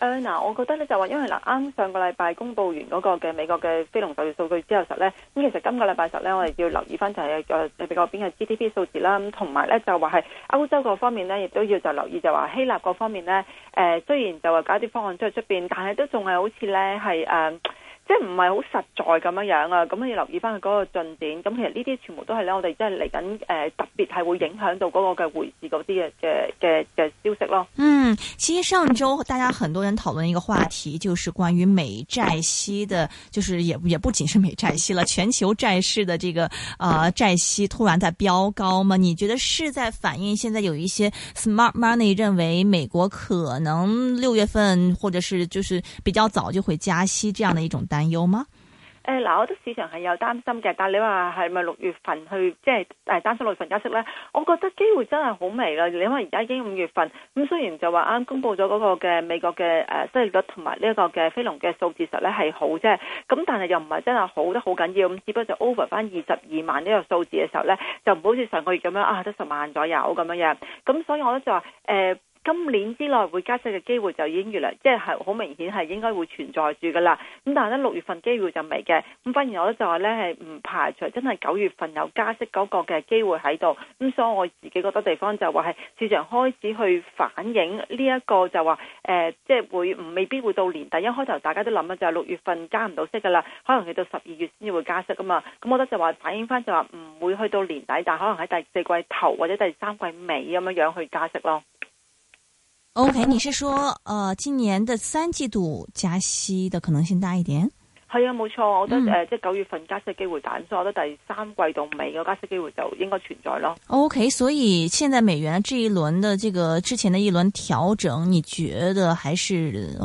誒嗱、呃，我覺得咧就話，因為嗱，啱上個禮拜公佈完嗰個嘅美國嘅非農就業數據之後實咧，咁其實今個禮拜實咧，我哋要留意翻就係誒美國嗰邊嘅 GDP 數字啦，咁同埋咧就話係歐洲嗰方面咧，亦都要就留意就話希臘嗰方面咧，誒、呃、雖然就話搞啲方案出去出面，但係都仲係好似咧係誒。即係唔係好實在咁樣樣啊，咁你留意翻佢嗰個進展。咁其實呢啲全部都係咧，我哋即係嚟緊誒特別係會影響到嗰個嘅匯市嗰啲嘅嘅嘅嘅消息咯。嗯，其實上周大家很多人討論一個話題，就是關於美債息的，就是也也不僅是美債息啦，全球債市嘅這個啊呃、債息突然在飆高嘛？你覺得是在反映現在有一些 smart money 認為美國可能六月份或者是就是比較早就會加息這樣的一種單位？有嗎？誒、呃，嗱、就是，我覺得市場係有擔心嘅，但係你話係咪六月份去即係誒擔心六月份加息咧？我覺得機會真係好微啦。你因為而家已經五月份，咁雖然就話啱公布咗嗰個嘅美國嘅誒失業率同埋呢一個嘅非農嘅數字時咧係好啫，咁但係又唔係真係好得好緊要，咁只不過就 over 翻，二十二萬呢個數字嘅時候咧，就唔好似上個月咁樣啊得十萬左右咁樣樣，咁所以我咧就話誒。呃今年之內會加息嘅機會就已經越嚟，即係好明顯係應該會存在住噶啦。咁但係呢，六月份機會就未嘅。咁反而我得就話呢，係唔排除真係九月份有加息嗰個嘅機會喺度。咁所以我自己覺得地方就話係市場開始去反映呢、這、一個就話誒，即、呃、係、就是、會未必會到年底。一開頭大家都諗嘅就係六月份加唔到息噶啦，可能去到十二月先至會加息噶嘛。咁我覺得就話反映翻就話唔會去到年底，但可能喺第四季頭或者第三季尾咁樣樣去加息咯。OK，你是說，呃，今年的三季度加息的可能性大一點？係啊，冇錯，我覺得誒，即係九月份加息機會大，所以我覺得第三季度尾個加息機會就應該存在咯。OK，所以現在美元這一輪的這個之前的一輪調整，你覺得還是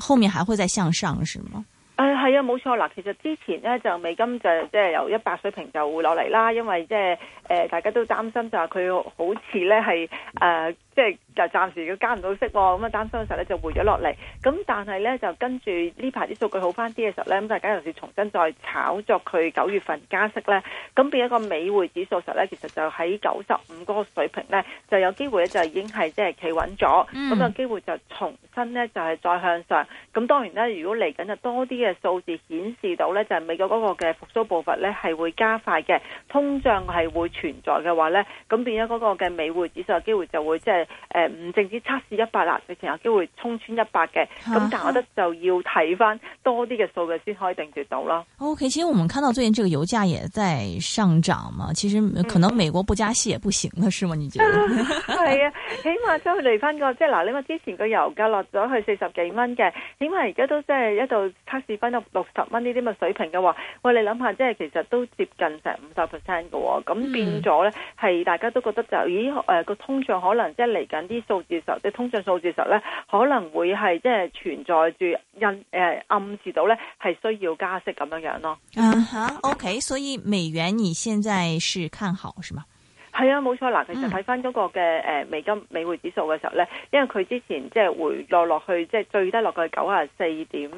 後面還會再向上是嗎？誒、呃，係啊，冇錯啦。其實之前呢，就美金就即係、就是、由一百水平就會落嚟啦，因為即係誒，大家都擔心就係佢好似咧係誒。呃即係就暫時佢加唔到息、哦，咁啊擔心嘅時候咧就回咗落嚟。咁但係咧就跟住呢排啲數據好翻啲嘅時候咧，咁就大家有時重新再炒作佢九月份加息咧，咁變一個美匯指數實咧，其實就喺九十五嗰個水平咧，就有機會咧就已經係即係企穩咗。咁有、嗯、機會就重新咧就係、是、再向上。咁當然呢，如果嚟緊就多啲嘅數字顯示到咧，就係、美國嗰個嘅復甦步伐咧係會加快嘅，通脹係會存在嘅話咧，咁變咗嗰個嘅美匯指數嘅機會就會即、就是誒，唔淨、呃、止測試一百啦，之前有機會沖穿一百嘅，咁、啊、但係我覺得就要睇翻多啲嘅數據先可以定奪到咯。k、okay，其實我們看到最近這個油價也在上漲嘛，其實可能美國不加息也不行了、嗯、是嗎？你覺得？係 啊，起碼即係嚟翻個，即係嗱，你話之前個油價落咗去四十幾蚊嘅，起碼而家都即係一度測試翻到六十蚊呢啲咁嘅水平嘅話，喂，你諗下，即係其實都接近成五十 percent 嘅，咁變咗咧係大家都覺得就咦誒個、呃、通脹可能即係。嚟緊啲數字時候，即係通脹數字時候咧，可能會係即係存在住印誒暗示到咧，係需要加息咁樣樣咯。嗯吓，OK，所以美元你現在是看好，是嗎？係啊，冇錯啦。其實睇翻嗰個嘅美金美匯指數嘅時候咧，因為佢之前即係回落落去，即係最低落去九啊四點五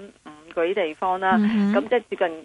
嗰啲地方啦。咁即係接近誒，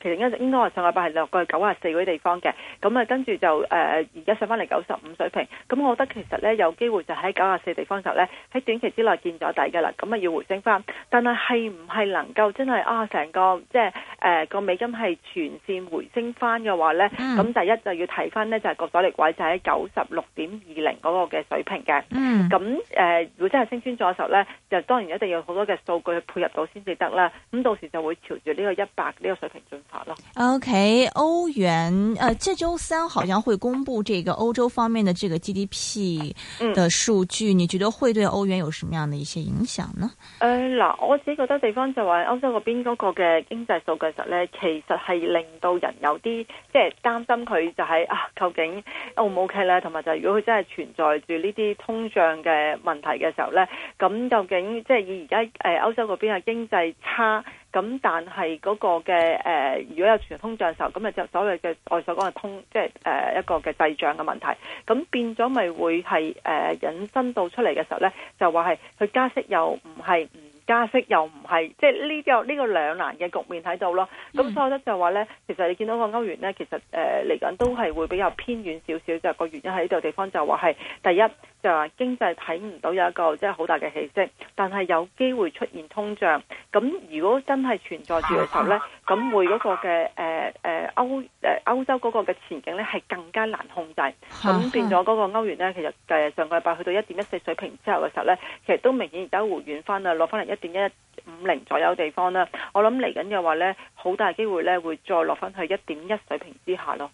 其實應該應該話上個拜係落去九啊四嗰啲地方嘅。咁啊，跟住就誒而家上翻嚟九十五水平。咁我覺得其實咧有機會就喺九啊四地方時候咧，喺短期之內見咗底㗎啦。咁啊要回升翻，但係係唔係能夠真係啊成個即係？就是誒、呃，個美金係全線回升翻嘅話咧，咁、嗯、第一就要睇翻呢，就係個阻力位就喺九十六點二零嗰個嘅水平嘅。咁誒、嗯呃，如果真係升穿咗嘅時候咧，就當然一定要好多嘅數據去配合到先至得啦。咁到時就會朝住呢個一百呢個水平進發咯。OK，歐元誒、呃，這周三好像會公布這個歐洲方面嘅這個 GDP 嘅數據，嗯、你覺得會對歐元有什麼樣嘅一些影響呢？誒、呃，嗱，我自己覺得地方就話歐洲嗰邊嗰個嘅經濟數據。咧，其實係令到人有啲即係擔心佢就係、是、啊，究竟 O 唔 OK 咧？同埋就係如果佢真係存在住呢啲通脹嘅問題嘅時候咧，咁究竟即係以而家誒歐洲嗰邊嘅經濟差，咁但係嗰個嘅誒、呃，如果有全通脹嘅時候，咁誒就所謂嘅外所講嘅通，即係誒一個嘅滯脹嘅問題，咁變咗咪會係誒、呃、引申到出嚟嘅時候咧，就話係佢加息又唔係。不是加息又唔係，即係呢個呢個兩難嘅局面喺度咯。咁所以咧就話咧，其實你見到個歐元咧，其實誒嚟緊都係會比較偏遠少少，就係個原因喺呢度地方就話係第一。就話經濟睇唔到有一個即係好大嘅起色，但係有機會出現通脹。咁如果真係存在住嘅時候呢，咁會嗰個嘅誒誒歐誒歐洲嗰個嘅前景呢，係更加難控制。咁 變咗嗰個歐元呢，其實上個禮拜去到一點一四水平之後嘅時候呢，其實都明顯而家回軟翻啦，落翻嚟，一點一五零左右地方啦。我諗嚟緊嘅話呢，好大機會呢，會再落翻去一點一水平之下咯。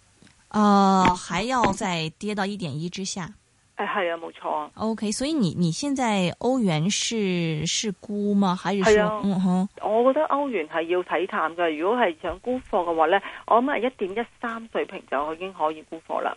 哦、呃，還要再跌到一點一之下？誒，係、哎、啊，冇錯。OK，所以你你現在歐元是是沽嗎？還是說，係啊？嗯哼，我覺得歐元係要睇淡嘅。如果係想沽貨嘅話咧，我諗係一點一三水平就已經可以沽貨啦。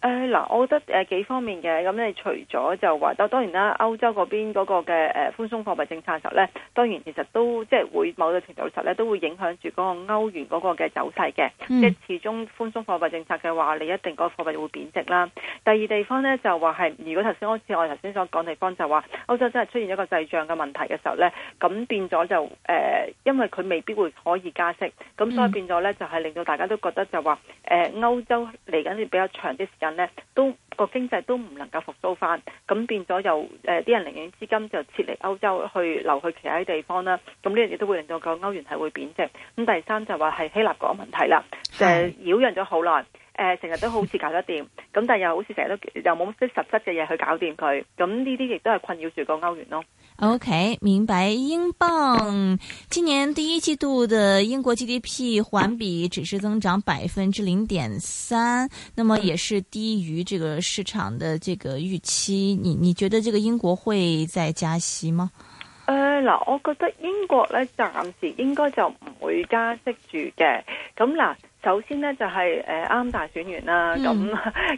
誒嗱，我覺得誒幾方面嘅，咁、嗯、你除咗就話，當當然啦，歐洲嗰邊嗰個嘅誒寬鬆貨幣政策嘅時候咧，當然其實都即係會某個程度上咧都會影響住嗰個歐元嗰個嘅走勢嘅。嗯、即係始終寬鬆貨幣政策嘅話，你一定個貨幣會貶值啦。第二地方咧就話係，如果頭先好似我頭先所講地方就話，歐洲真係出現一個滯脹嘅問題嘅時候咧，咁變咗就誒、呃，因為佢未必會可以加息，咁所以變咗咧就係令到大家都覺得就話誒、呃、歐洲嚟緊啲比較長啲時間。咧都、個經濟都唔能夠復蘇翻，咁變咗又誒啲、呃、人寧願資金就撤離歐洲去留去其他地方啦，咁呢樣嘢都會令到個歐元係會貶值。咁第三就話係希臘個問題啦，成係擾攘咗好耐。誒，成日、呃、都好似搞得掂，咁但係又好似成日都又冇乜實質嘅嘢去搞掂佢，咁呢啲亦都係困擾住個歐元咯。O、okay, K，明白英鎊。英鎊今年第一季度的英國 G D P 環比只是增長百分之零點三，那麼也是低於這個市場的這個預期。你你覺得這個英國會再加息嗎？誒、呃，嗱，我覺得英國咧暫時應該就唔會加息住嘅。咁嗱。首先呢，就係誒啱大選完啦，咁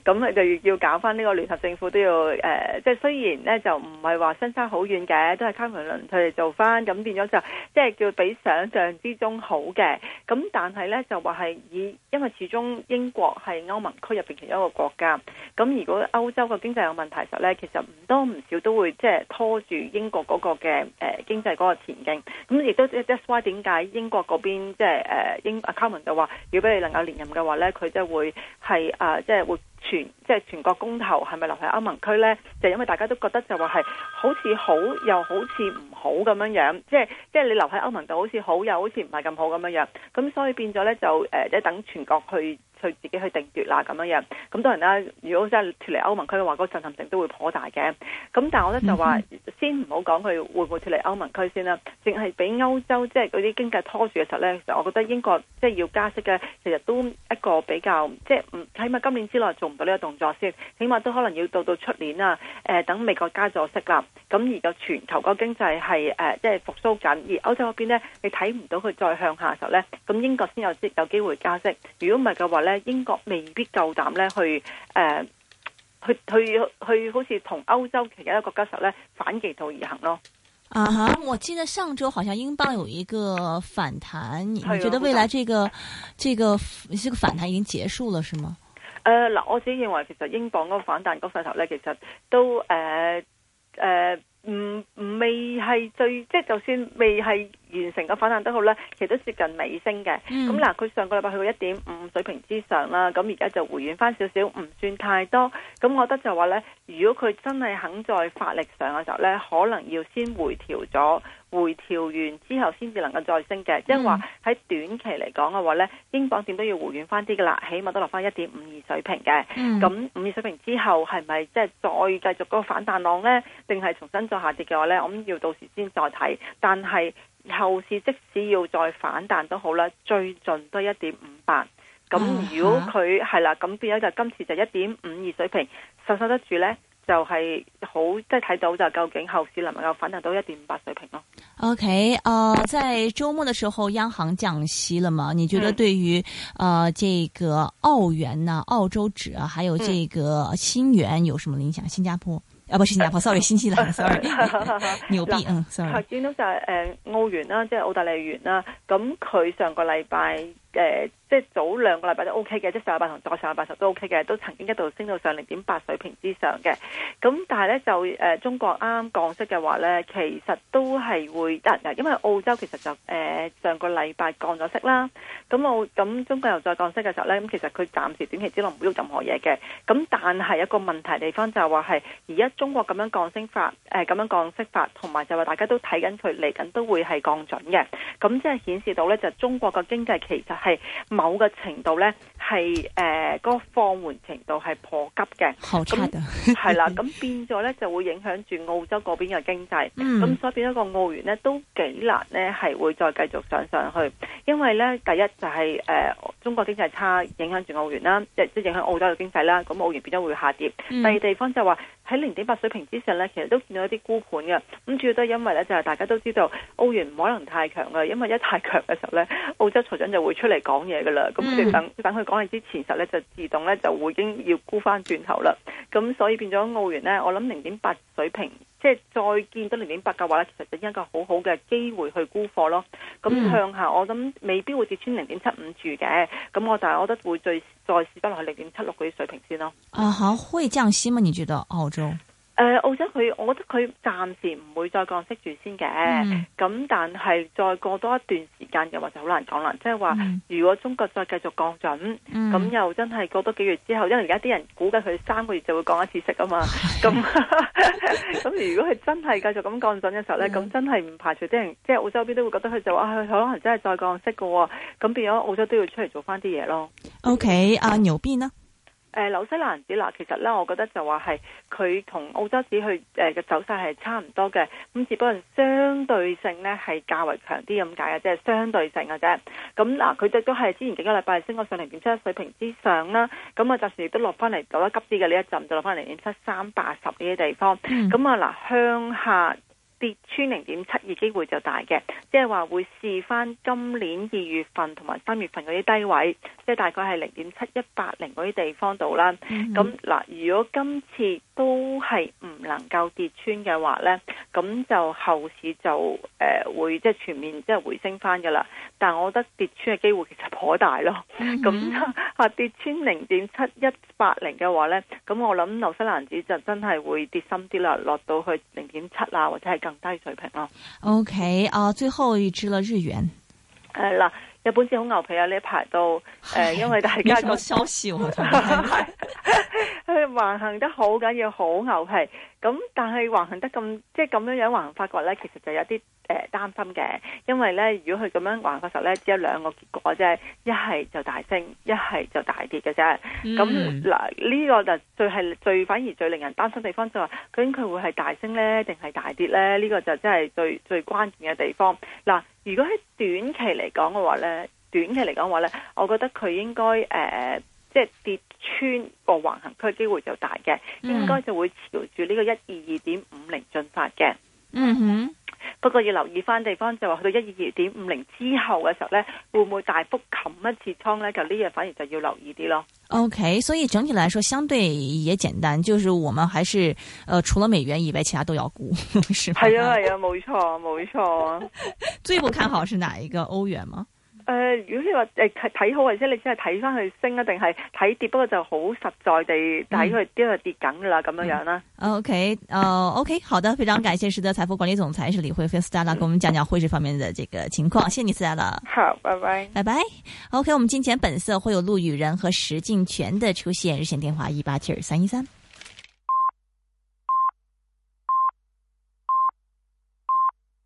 咁、嗯、就要搞翻呢個聯合政府都要誒，即係雖然呢，就唔係話相差好遠嘅，都係卡梅倫佢哋做翻，咁變咗就即係叫比想象之中好嘅。咁但係呢，就話係以，因為始終英國係歐盟區入邊其中一個國家，咁如果歐洲嘅經濟有問題嘅時候呢，其實唔多唔少都會即係拖住英國嗰個嘅誒經濟嗰個前景。咁亦都即係 that's why 點解英國嗰邊即係誒英啊卡梅倫就話即係能夠連任嘅話呢，佢即係會係啊，即係會全即係、即係、全國公投係咪留喺歐盟區呢？就因為大家都覺得就話係好似好又好似唔好咁樣樣，即係即係你留喺歐盟度好似好又好似唔係咁好咁樣樣，咁所以變咗呢，就誒，即等全國去。佢自己去定奪啦咁樣樣，咁當然啦，如果真係脫離歐盟區嘅話，個震撼性都會頗大嘅。咁但係我咧就話， 先唔好講佢會唔會脫離歐盟區先啦，淨係俾歐洲即係嗰啲經濟拖住嘅時候咧，其實我覺得英國即係、就是、要加息咧，其實都一個比較即係唔起碼今年之內做唔到呢個動作先，起碼都可能要到到出年啊。誒、呃，等美國加咗息啦，咁而個全球個經濟係誒即係復甦緊，而歐洲嗰邊咧，你睇唔到佢再向下嘅時候咧，咁英國先有機有機會加息。如果唔係嘅話咧，英國未必夠膽咧去誒、呃，去去去，好似同歐洲其他國家時候咧反其道而行咯。啊我記得上周好像英鎊有一個反彈，你覺得未來這個、這個、這個反彈已經結束了是嗎？誒嗱、啊，我自己認為其實英鎊嗰個反彈嗰勢頭咧，其實都誒誒，唔、呃呃嗯、未係最，即係就算未係。完成個反彈都好咧，其實都接近尾聲嘅。咁嗱、嗯，佢上個禮拜去到一點五水平之上啦，咁而家就回軟翻少少，唔算太多。咁我覺得就話咧，如果佢真係肯在發力上嘅時候咧，可能要先回調咗，回調完之後先至能夠再升嘅。即係話喺短期嚟講嘅話咧，英鎊點都要回軟翻啲嘅啦，起碼都落翻一點五二水平嘅。咁五、嗯、二水平之後係咪即係再繼續嗰個反彈浪咧，定係重新再下跌嘅話咧，我諗要到時先再睇。但係，後市即使要再反彈都好都、嗯啊、啦，最盡都一點五八。咁如果佢係啦，咁變咗就今次就一點五二水平受受得住咧，就係、是、好即係睇到就究竟後市能唔能夠反彈到一點五八水平咯。OK，啊、呃，在周末的時候央行降息了嘛？你覺得對於啊、嗯呃，這個澳元啊、澳洲指啊，還有這個新元有什麼影響？新加坡？啊不是新加坡，sorry 新西蘭，sorry，紐幣，嗯，sorry。係，主要就係誒，澳元啦，即係澳大利亞元啦，咁佢上個禮拜誒。即係早兩個禮拜都 O K 嘅，即係上禮拜同再上禮拜時都 O K 嘅，都曾經一度升到上零點八水平之上嘅。咁但係呢，就誒、呃、中國啱啱降息嘅話呢，其實都係會得㗎，因為澳洲其實就誒、呃、上個禮拜降咗息啦。咁我咁中國又再降息嘅時候呢，咁其實佢暫時短期之內唔會喐任何嘢嘅。咁但係一個問題地方就係話係而家中國咁樣降息法誒咁樣降息法，同、呃、埋就話大家都睇緊佢嚟緊都會係降準嘅。咁即係顯示到呢，就中國個經濟其實係，某嘅程度呢，係誒嗰個放緩程度係頗急嘅，咁係啦，咁差 變咗呢，就會影響住澳洲嗰邊嘅經濟，咁、嗯、所以變咗個澳元呢，都幾難呢，係會再繼續上上去，因為呢，第一就係、是、誒、呃、中國經濟差，影響住澳元啦，即係影響澳洲嘅經濟啦，咁澳元變咗會下跌。嗯、第二地方就係話喺零點八水平之上呢，其實都見到一啲沽盤嘅，咁主要都係因為呢，就係、是、大家都知道澳元唔可能太強嘅，因為一太強嘅時候呢，澳洲財長就會出嚟講嘢咁即、嗯嗯、等等佢講完之前實咧，就自動咧就會已經要沽翻轉頭啦。咁所以變咗澳元咧，我諗零點八水平，即係再見到零點八嘅話咧，其實就一個好好嘅機會去沽貨咯。咁向下，我諗未必會跌穿零點七五住嘅。咁、嗯、我但係我覺得會再再試翻落去零點七六嗰啲水平先咯。啊，好，會降息嗎？你覺得澳洲？誒、呃，澳洲佢，我覺得佢暫時唔會再降息住先嘅，咁、嗯、但係再過多一段時間嘅話就好難講啦。即係話，嗯、如果中國再繼續降準，咁、嗯、又真係過多幾月之後，因為而家啲人估計佢三個月就會降一次息啊嘛。咁咁如果佢真係繼續咁降準嘅時候咧，咁、嗯、真係唔排除啲人即係、就是、澳洲邊都會覺得佢就話，啊、佢可能真係再降息喎。咁變咗澳洲都要出嚟做翻啲嘢咯。O K，阿牛 B 呢？誒、呃、紐西蘭指，嗱，其實咧，我覺得就話係佢同澳洲指佢誒嘅走勢係差唔多嘅，咁只不過相對性咧係較為強啲咁解嘅，即係相對性嘅啫。咁、嗯、嗱，佢哋都係之前幾個禮拜升過上零點七水平之上啦，咁啊暫時亦都落翻嚟走得急啲嘅呢一陣就落翻嚟零點七三八十呢啲地方。咁、嗯、啊嗱，向下。跌穿零點七二機會就大嘅，即係話會試翻今年二月份同埋三月份嗰啲低位，即係大概係零點七一八零嗰啲地方度啦。咁嗱、mm hmm.，如果今次都係唔能夠跌穿嘅話呢。咁就後市就誒會即係全面即係回升翻嘅啦，但係我覺得跌穿嘅機會其實頗大咯。咁啊、mm hmm. 跌穿零點七一八零嘅話咧，咁我諗紐西蘭紙就真係會跌深啲啦，落到去零點七啊或者係更低水平咯。哦，OK 啊、uh,，最後一支啦，日元。誒嗱，日本紙好牛皮啊！呢排到誒， 因為大家個 消息 橫行得好緊要好牛皮，咁但係橫行得咁即係咁樣樣橫行發掘呢，其實就有啲誒擔心嘅，因為呢，如果佢咁樣橫行嘅時候呢，只有兩個結果啫，一係就大升，一係就大跌嘅啫。咁嗱、嗯，呢、呢個就最係最反而最令人擔心嘅地方就係究竟佢會係大升呢，定係大跌呢？呢、呢個就真係最最關鍵嘅地方。嗱、呃，如果喺短期嚟講嘅話呢，短期嚟講嘅話呢，我覺得佢應該誒。呃即係跌穿個橫行區機會就大嘅，嗯、應該就會朝住呢個一二二點五零進發嘅。嗯哼，不過要留意翻地方就話、是、去到一二二點五零之後嘅時候咧，會唔會大幅冚一次倉咧？就呢樣反而就要留意啲咯。O、okay, K，所以整體來說相對也簡單，就是我們還是，呃、除了美元以外，其他都要沽。係啊係啊，冇錯冇錯。錯錯 最不看好是哪一個？歐元嗎？呃，如果你話誒，睇好或者你真係睇翻佢升啊，定係睇跌？不過就好實在地睇佢因為跌緊㗎啦，咁樣樣啦。OK，哦、呃、OK，好的，非常感謝實德財富管理總裁是李慧芬 Stella 跟我們講講匯市方面的這個情況。謝謝你 Stella，好，拜拜，拜拜。OK，我們金錢本色會有陸羽仁和石鏡泉的出現。熱線電話一八七二三一三。